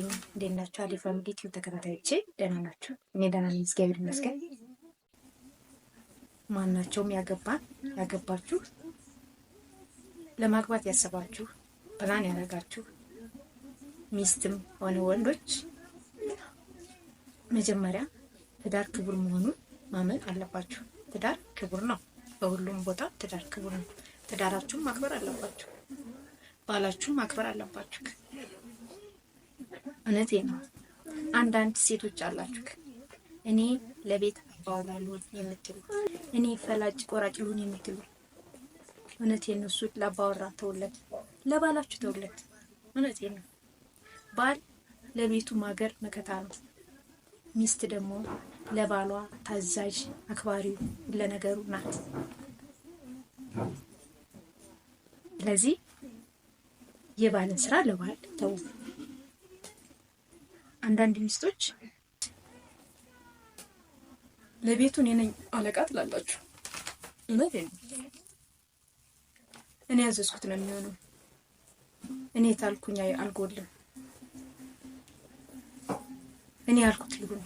እንዴት ናችሁ? አሊ ፋሚሊ ዩቲዩብ ተከታታዮች ደህና ናችሁ? እኔ ደህና ነኝ፣ እግዚአብሔር ይመስገን። ማናቸውም ያገባን ያገባችሁ፣ ለማግባት ያሰባችሁ፣ ፕላን ያደረጋችሁ ሚስትም ሆነ ወንዶች መጀመሪያ ትዳር ክቡር መሆኑን ማመን አለባችሁ። ትዳር ክቡር ነው። በሁሉም ቦታ ትዳር ክቡር ነው። ትዳራችሁን ማክበር አለባችሁ። ባላችሁን ማክበር አለባችሁ። እውነቴ ነው። አንዳንድ ሴቶች አላችሁ እኔ ለቤት አባወራ ልሆን የምትሉ እኔ ፈላጭ ቆራጭ ልሆን የምትሉ እውነቴ ነው። እሱ ለአባወራ ተውለት፣ ለባላችሁ ተውለት። እውነቴ ነው። ባል ለቤቱ ማገር መከታ ነው። ሚስት ደግሞ ለባሏ ታዛዥ፣ አክባሪው ለነገሩ ናት። ስለዚህ የባልን ስራ ለባል ተው። አንዳንድ ሚስቶች ለቤቱ እኔ ነኝ አለቃ ትላላችሁ። እውነት እኔ ያዘዝኩት ነው የሚሆነው። እኔ ታልኩኝ አልጎልም። እኔ ያልኩት ይሁን፣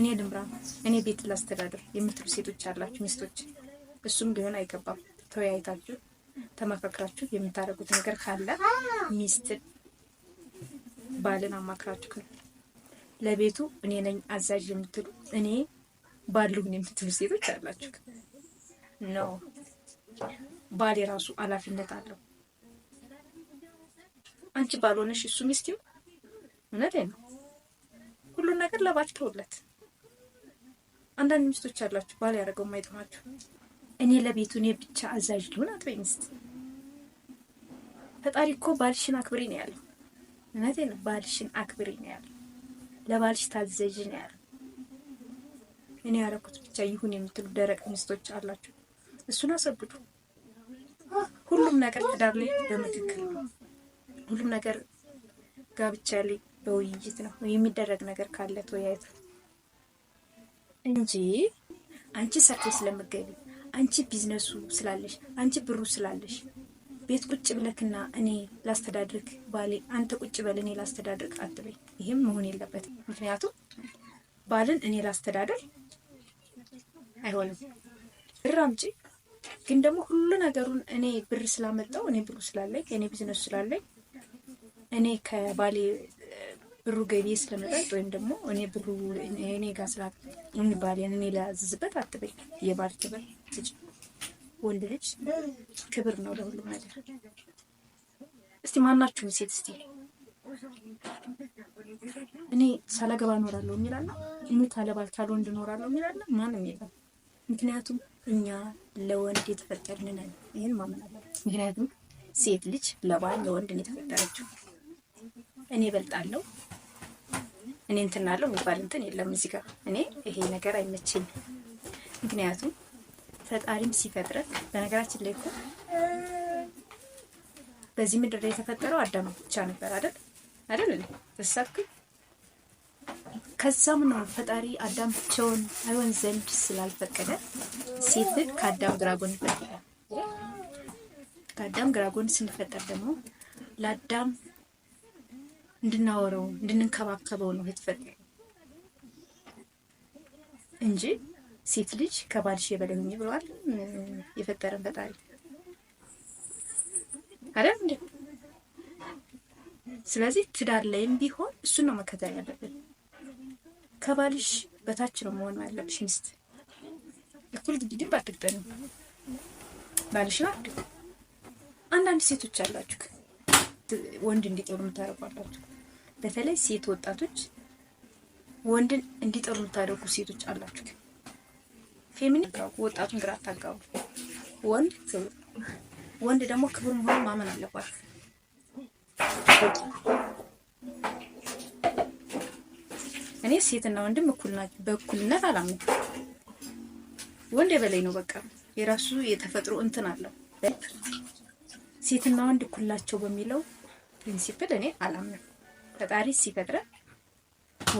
እኔ ልምራ፣ እኔ ቤት ላስተዳደር የምትሉ ሴቶች አላችሁ፣ ሚስቶች እሱም ሊሆን አይገባም። ተወያይታችሁ ተመካክራችሁ የምታደርጉት ነገር ካለ ሚስትን ባልን አማክራችሁ ነው። ለቤቱ እኔ ነኝ አዛዥ የምትሉ እኔ ባሉኝ የምትሉ ሴቶች አላችሁ ነው። ባል የራሱ ኃላፊነት አለው። አንቺ ባልሆነሽ እሱ ሚስት ይሁን። እውነት ነው። ሁሉን ነገር ለባል ተውለት። አንዳንድ ሚስቶች አላችሁ ባል ያደረገው የማይጠማችሁ እኔ ለቤቱ እኔ ብቻ አዛዥ ልሁን አትበይ ሚስት። ፈጣሪ እኮ ባልሽን አክብሬ ነው ያለው። እውነቴ ነው። ባልሽን አክብሬ ነው ያለው። ለባልሽ ታዘዥ ነው ያለ። እኔ ያረኩት ብቻ ይሁን የምትሉ ደረቅ ሚስቶች አላችሁ። እሱን አሰብዱ። ሁሉም ነገር ትዳር ላይ በምክክል ነው። ሁሉም ነገር ጋብቻ ላይ በውይይት ነው የሚደረግ ነገር ካለ ተወያይቶ እንጂ አንቺ ሰርተሽ ስለምገቢ አንቺ ቢዝነሱ ስላለሽ አንቺ ብሩ ስላለሽ ቤት ቁጭ ብለክና እኔ ላስተዳድርክ ባሌ አንተ ቁጭ በል እኔ ላስተዳድርክ አትበይ። ይህም መሆን የለበትም። ምክንያቱም ባልን እኔ ላስተዳድር አይሆንም። ብር አምጪ ግን ደግሞ ሁሉ ነገሩን እኔ ብር ስላመጣው እኔ ብሩ ስላለኝ እኔ ቢዝነሱ ስላለኝ እኔ ከባሌ ብሩ ገቢ ስለመጣች ወይም ደግሞ እኔ ብሩ እኔ ጋር ስላ ባሌን እኔ ላዝዝበት አትበይ። የባል ክብር ወንድ ልጅ ክብር ነው ለሁሉም ነገር። እስቲ ማናችሁም ሴት እስቲ እኔ ሳላገባ እኖራለሁ የሚላለ እኔ ካለባል ካልወንድ እኖራለሁ የሚላለ ማንም የለም። ምክንያቱም እኛ ለወንድ የተፈጠርን ነን። ይህን ማመን ምክንያቱም ሴት ልጅ ለባል ለወንድ ነው የተፈጠረችው። እኔ እበልጣለሁ እኔ እንትናለሁ የሚባል እንትን የለም እዚህ ጋር እኔ ይሄ ነገር አይመችኝ ምክንያቱም ፈጣሪም ሲፈጥረን በነገራችን ላይ እኮ በዚህ ምድር ላይ የተፈጠረው አዳም ብቻ ነበር አይደል? አይደል እንዴ? ከዛም ነው ፈጣሪ አዳም ብቻውን አይሆን ዘንድ ስላልፈቀደ ሴትን ከአዳም ግራጎን ፈጠረ። ከአዳም ግራጎን ስንፈጠር ደግሞ ለአዳም እንድናወረው እንድንንከባከበው ነው የተፈጠረው እንጂ ሴት ልጅ ከባልሽ የበላይ ሁኚ ብለዋል የፈጠረን ፈጣሪ አይደል እንዴ? ስለዚህ ትዳር ላይም ቢሆን እሱን ነው መከተል ያለብን። ከባልሽ በታች ነው መሆን ያለብሽ ሚስት። እኩል ግድግድም ባትግጠን ባልሽ ነው አንዳንድ ሴቶች አላችሁ ወንድ እንዲጠሩ የምታደርጉ በተለይ ሴት ወጣቶች ወንድን እንዲጠሉ የምታደርጉ ሴቶች አላችሁ። ፌሚኒ ወጣቱን ግራ አታጋቡ። ወንድ ክብር ወንድ ደግሞ ክብር መሆኑ ማመን አለባችሁ። እኔ ሴትና ወንድም እኩል ናቸው፣ በእኩልነት አላምንም። ወንድ የበላይ ነው። በቃ የራሱ የተፈጥሮ እንትን አለው። ሴትና ወንድ እኩላቸው በሚለው ፕሪንሲፕል እኔ አላምንም። ፈጣሪ ሲፈጥረን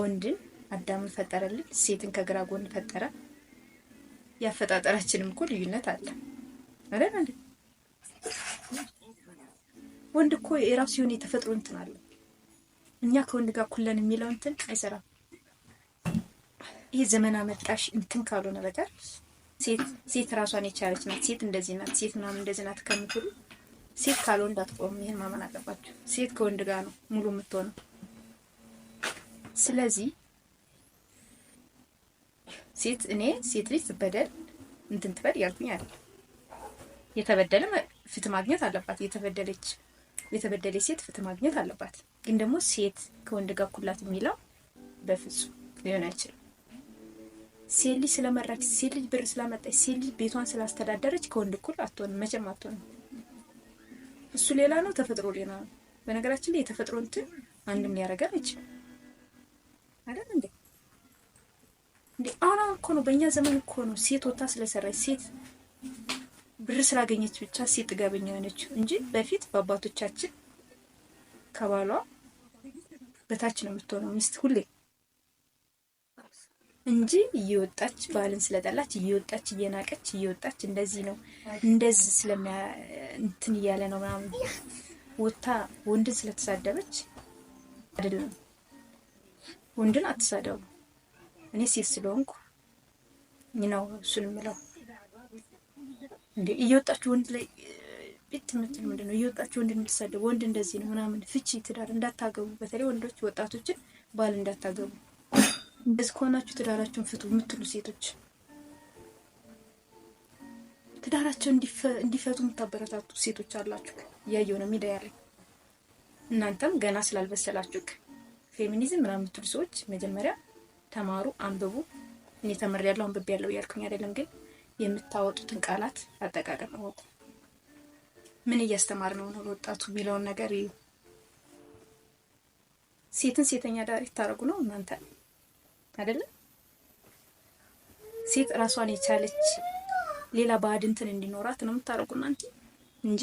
ወንድን አዳምን ፈጠረልን፣ ሴትን ከግራ ጎን ፈጠረ። ያፈጣጠራችንም እኮ ልዩነት አለ አይደል እንዴ? ወንድ እኮ የራሱ የሆነ የተፈጥሮ እንትን አለ። እኛ ከወንድ ጋር ኩለን የሚለው እንትን አይሰራም። ይህ ዘመን አመጣሽ እንትን ካልሆነ በቀር ሴት ራሷን የቻለች ናት። ሴት እንደዚህ ናት፣ ሴት ምናምን እንደዚህ ናት ከምትሉ ሴት ካልወንድ እንዳትቆም ይህን ማመን አለባቸው። ሴት ከወንድ ጋር ነው ሙሉ የምትሆነው። ስለዚህ ሴት እኔ ሴት ልጅ ትበደል እንትን ትበል እያልኩኝ አለ። የተበደለ ፍትህ ማግኘት አለባት። የተበደለች የተበደለች ሴት ፍትህ ማግኘት አለባት። ግን ደግሞ ሴት ከወንድ ጋር ኩላት የሚለው በፍጹም ሊሆን አይችልም። ሴት ልጅ ስለመራች፣ ሴት ልጅ ብር ስላመጣች፣ ሴት ልጅ ቤቷን ስላስተዳደረች ከወንድ እኩል አትሆንም፣ መቼም አትሆንም። እሱ ሌላ ነው፣ ተፈጥሮ ሌላ ነው። በነገራችን ላይ የተፈጥሮ እንትን አንድም ሊያደርገን አይችልም አይደል እንዴ? እንዴ አሁን እኮ ነው በእኛ ዘመን እኮ ነው ሴት ወታ ስለሰራች ሴት ብር ስላገኘች ብቻ ሴት ጥጋበኛ የሆነችው እንጂ በፊት በአባቶቻችን ከባሏ በታች ነው የምትሆነው ሚስት ሁሌ እንጂ እየወጣች ባልን ስለጠላች እየወጣች እየናቀች እየወጣች እንደዚህ ነው እንደዚህ ስለሚያ እንትን እያለ ነው ምናምን ወታ ወንድን ስለተሳደበች አይደለም። ወንድን አትሳደቡ። እኔ ሴት ስለሆንኩ ነው እሱን የምለው። እንዴ እየወጣችሁ ወንድ ላይ ቤት ምትል ምንድን ነው? እየወጣችሁ ወንድ የምትሰደቡ ወንድ እንደዚህ ነው ምናምን፣ ፍቺ፣ ትዳር እንዳታገቡ። በተለይ ወንዶች ወጣቶችን ባል እንዳታገቡ። እንደዚህ ከሆናችሁ ትዳራችሁን ፍቱ የምትሉ ሴቶች፣ ትዳራቸውን እንዲፈቱ የምታበረታቱ ሴቶች አላችሁ። እያየው ነው ሚዲያ ላይ እናንተም ገና ስላልበሰላችሁ ፌሚኒዝም ምናምን የምትሉ ሰዎች መጀመሪያ ተማሩ፣ አንብቡ። እኔ ተምሬያለሁ ያለው እያልኩኝ አይደለም፣ ግን የምታወጡትን ቃላት አጠቃቀም እወቁ። ምን እያስተማር ነው ነው ወጣቱ የሚለውን ነገር እዩ። ሴትን ሴተኛ ዳር ታደርጉ ነው እናንተ አይደለም። ሴት ራሷን የቻለች ሌላ ባዕድ እንትን እንዲኖራት ነው የምታደርጉ እናንተ እንጂ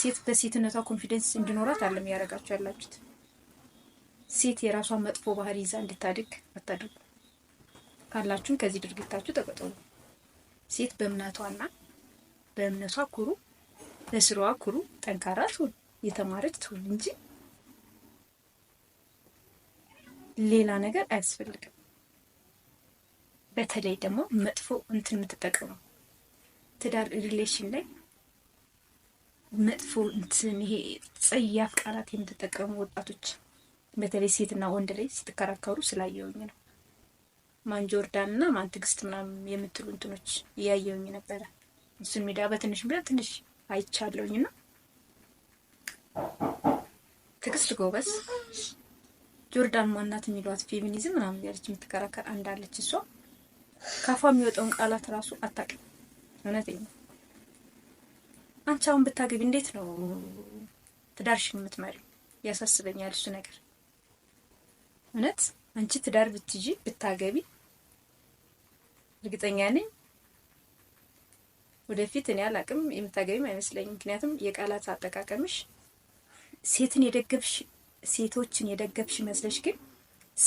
ሴት በሴትነቷ ኮንፊደንስ እንዲኖራት አለም ያደርጋችሁ ያላችሁት። ሴት የራሷን መጥፎ ባህሪ ይዛ እንድታድግ አታድርጉ። ካላችሁም ከዚህ ድርጊታችሁ ተቆጠቡ። ሴት በእምነቷና በእምነቷ ኩሩ፣ በስራዋ ኩሩ፣ ጠንካራ ትሁን፣ የተማረች ትሁን እንጂ ሌላ ነገር አያስፈልግም። በተለይ ደግሞ መጥፎ እንትን የምትጠቀመው ትዳር ሪሌሽን ላይ መጥፎ እንትን ይሄ ጸያፍ ቃላት የምትጠቀሙ ወጣቶች በተለይ ሴትና ወንድ ላይ ስትከራከሩ ስላየውኝ ነው። ማን ጆርዳን እና ማን ትዕግስት ምናምን የምትሉ እንትኖች እያየውኝ ነበረ። እሱን ሚዲያ በትንሽ ሚዲያ ትንሽ አይቻለውኝ እና ትግስት ጎበዝ፣ ጆርዳን ማናት የሚሏት ፌሚኒዝም ምናምን ያለች የምትከራከር አንዳለች። እሷ ከአፏ የሚወጣውን ቃላት ራሱ አታውቅም። እውነት ነው። አንቺ አሁን ብታገቢ እንዴት ነው ትዳርሽን የምትመሪው? ያሳስበኛል እሱ ነገር። እውነት አንቺ ትዳር ብትይጂ ብታገቢ እርግጠኛ ነኝ ወደፊት እኔ አላቅም የምታገቢም አይመስለኝም። ምክንያቱም የቃላት አጠቃቀምሽ ሴትን የደገፍሽ ሴቶችን የደገፍሽ መስለሽ ግን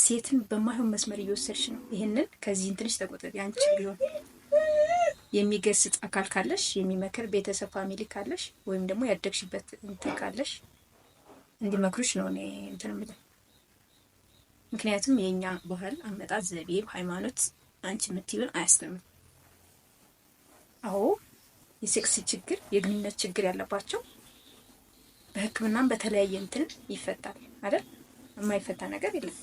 ሴትን በማይሆን መስመር እየወሰድሽ ነው። ይህንን ከዚህ እንትንሽ ተቆጠቢ። አንቺ ቢሆን የሚገስጽ አካል ካለሽ የሚመክር ቤተሰብ ፋሚሊ ካለሽ ወይም ደግሞ ያደግሽበት እንትን ካለሽ እንዲመክሩሽ ነው እኔ እንትን የምልህ ምክንያቱም የእኛ ባህል፣ አመጣት፣ ዘቤ፣ ሃይማኖት አንቺ የምትይውን አያስተምርም። አዎ የሴክስ ችግር የግንኙነት ችግር ያለባቸው በሕክምናም በተለያየ እንትን ይፈታል አይደል? የማይፈታ ነገር የለም።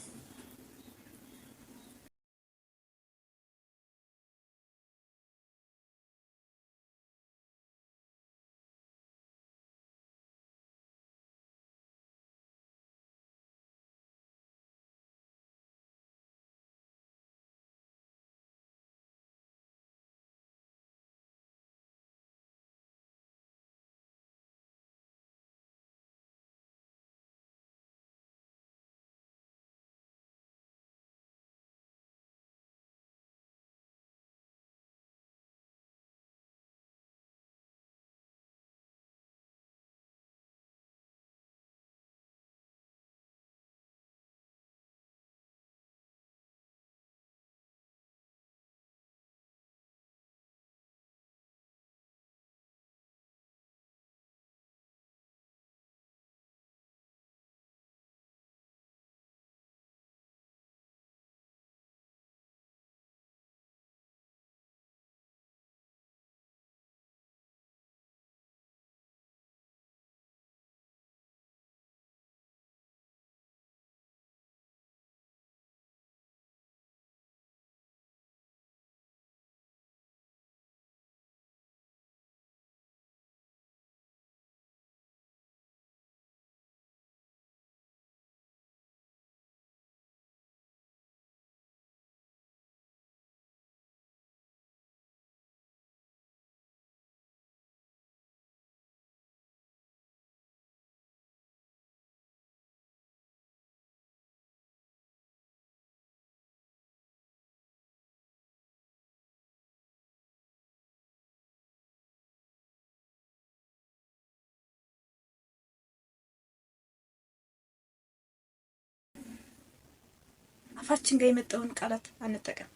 አፋችን ጋር የመጣውን ቃላት አንጠቀም።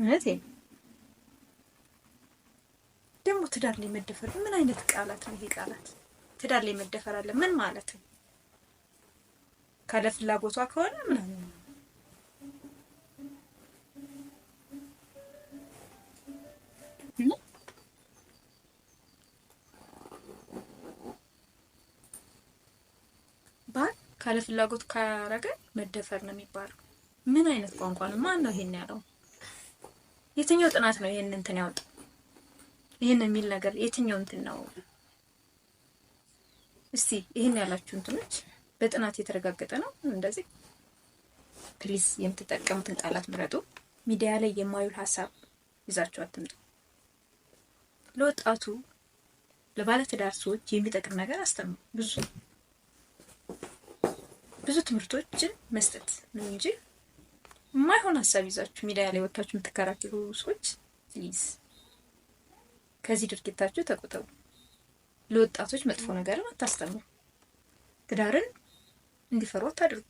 እውነት ደግሞ ትዳር ላይ መደፈር ምን አይነት ቃላት ነው? ይሄ ቃላት ትዳር ላይ መደፈር አለ ምን ማለት ነው? ካለ ፍላጎቷ ከሆነ ምናምን ካለ ፍላጎት ካረገ መደፈር ነው የሚባለው። ምን አይነት ቋንቋ ነው? ማን ነው ይሄን ያለው? የትኛው ጥናት ነው ይሄን እንትን ያወጣው? ይሄን የሚል ነገር የትኛው እንትን ነው? እስቲ ይሄን ያላችሁ እንትኖች በጥናት የተረጋገጠ ነው እንደዚህ። ፕሊስ የምትጠቀሙትን ቃላት ምረጡ። ሚዲያ ላይ የማይውል ሀሳብ ይዛችሁ አትምጡ። ለወጣቱ ለባለትዳር ሰዎች የሚጠቅም ነገር አስተምሩ ብዙ ብዙ ትምህርቶችን መስጠት ነው እንጂ የማይሆን ሀሳብ ይዛችሁ ሚዲያ ላይ ወጥታችሁ የምትከራከሩ ሰዎች ፕሊዝ ከዚህ ድርጊታችሁ ተቆጠቡ። ለወጣቶች መጥፎ ነገርም አታስተምሩ። ትዳርን እንዲፈሩ አታድርጉ።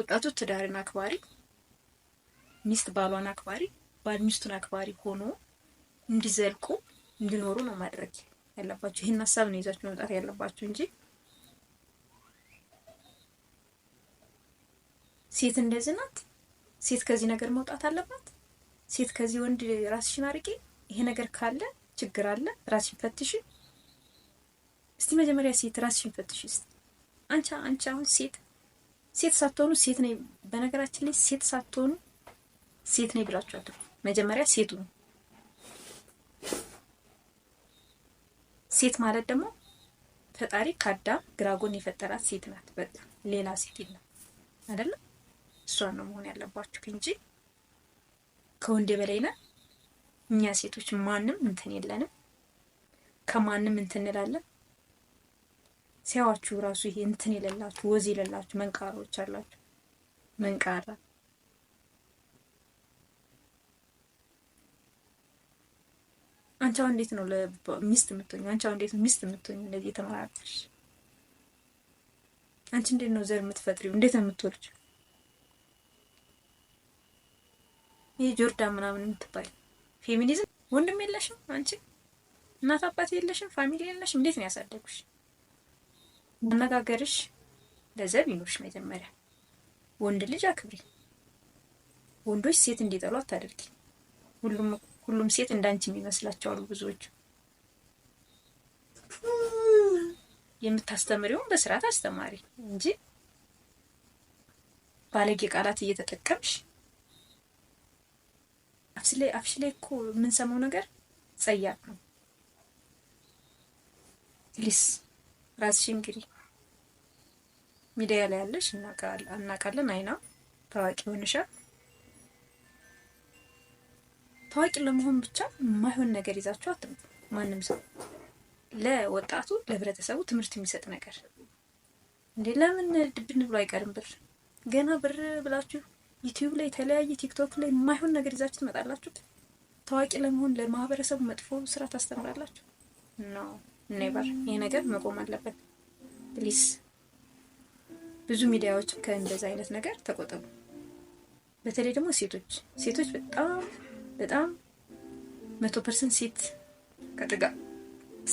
ወጣቱ ትዳርን አክባሪ፣ ሚስት ባሏን አክባሪ፣ ባል ሚስቱን አክባሪ ሆኖ እንዲዘልቁ እንዲኖሩ ነው ማድረግ ያለባችሁ። ይህን ሀሳብ ነው ይዛችሁ መምጣት ያለባችሁ እንጂ ሴት እንደዚህ ናት፣ ሴት ከዚህ ነገር መውጣት አለባት፣ ሴት ከዚህ ወንድ ራስሽን አርቂ፣ ይሄ ነገር ካለ ችግር አለ፣ ራስሽን ፈትሽ። እስቲ መጀመሪያ ሴት ራስሽን ፈትሽ። እስቲ አንቺ አንቺ አሁን ሴት ሴት ሳትሆኑ ሴት ነኝ፣ በነገራችን ላይ ሴት ሳትሆኑ ሴት ነኝ ብላችሁ አትኩ። መጀመሪያ ሴቱ ሴት ማለት ደግሞ ፈጣሪ ከአዳም ግራጎን የፈጠራት ሴት ናት። በቃ ሌላ ሴት የለም አይደለም። እሷን ነው መሆን ያለባችሁ እንጂ ከወንድ በላይ ነን እኛ ሴቶች። ማንም እንትን የለንም፣ ከማንም እንትን እንላለን። ሲያዋችሁ ራሱ ይሄ እንትን የሌላችሁ ወዝ የሌላችሁ መንቃሮች አላችሁ። መንቃራ አንቺ አሁን እንዴት ነው ለሚስት የምትሆኚው? አንቺ አሁን እንዴት ነው ሚስት የምትሆኚው? እንደዚህ የተመራረሽ አንቺ እንዴት ነው ዘር የምትፈጥሪው? እንዴት ነው የምትወልጂው? ይህ ጆርዳን ምናምን የምትባይ ፌሚኒዝም ወንድም የለሽም አንቺ እናት አባት የለሽም ፋሚሊ የለሽም እንዴት ነው ያሳደጉሽ አነጋገርሽ ለዘብ ይኖርሽ መጀመሪያ ወንድ ልጅ አክብሪ ወንዶች ሴት እንዲጠሉ አታደርጊ ሁሉም ሁሉም ሴት እንዳንቺ የሚመስላቸው ብዙዎች ብዙዎቹ የምታስተምሪውን በስርዓት አስተማሪ እንጂ ባለጌ ቃላት እየተጠቀምሽ አፍሽ ላይ እኮ የምንሰማው ነገር ጸያፍ ነው። ፕሊስ ራስሽ እንግዲህ ሚዲያ ላይ ያለሽ እናውቃለን። አይና ታዋቂ ሆንሻ ታዋቂ ለመሆን ብቻ የማይሆን ነገር ይዛችሁ አትምጡ። ማንም ሰው ለወጣቱ ለህብረተሰቡ ትምህርት የሚሰጥ ነገር እንዴ! ለምን ድብን ብሎ አይቀርም? ብር ገና ብር ብላችሁ ዩቲዩብ ላይ የተለያየ ቲክቶክ ላይ የማይሆን ነገር ይዛችሁ ትመጣላችሁ። ታዋቂ ለመሆን ለማህበረሰቡ መጥፎ ስራ ታስተምራላችሁ። ኖ ኔቨር። ይሄ ነገር መቆም አለበት። ፕሊስ ብዙ ሚዲያዎች ከእንደዚህ አይነት ነገር ተቆጠቡ። በተለይ ደግሞ ሴቶች ሴቶች በጣም በጣም መቶ ፐርሰንት ሴት ከጥጋ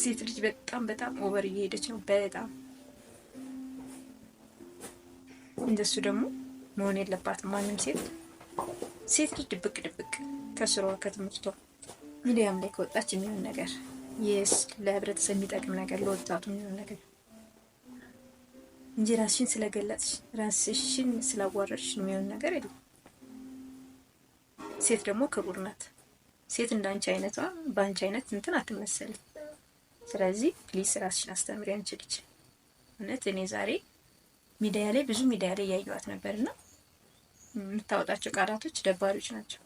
ሴት ልጅ በጣም በጣም ኦቨር እየሄደች ነው። በጣም እንደሱ ደግሞ መሆን የለባትም። ማንም ሴት ሴት ልጅ ድብቅ ድብቅ ከስሯ ከትምህርቷ ሚዲያም ላይ ከወጣች የሚሆን ነገር ይስ ለህብረተሰብ የሚጠቅም ነገር ለወጣቱ የሚሆን ነገር እንጂ ራስሽን ስለገለጽሽ ራስሽን ስላዋረድሽ የሚሆን ነገር የለም። ሴት ደግሞ ክቡር ናት። ሴት እንዳንቺ አይነቷ በአንቺ አይነት እንትን አትመሰልም። ስለዚህ ፕሊስ ራስሽን አስተምሪ። አንቺ እውነት እኔ ዛሬ ሚዲያ ላይ ብዙ ሚዲያ ላይ እያየኋት ነበር እና የምታወጣቸው ቃላቶች ደባሪዎች ናቸው።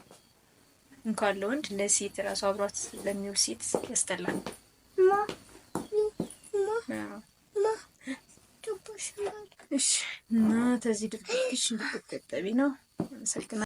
እንኳን ለወንድ ለሴት ራሱ አብሯት ለሚውል ሴት ያስጠላል። እና ተዚህ ድርጊቶች እንድትቆጠቢ ነው። አመሰግናለሁ።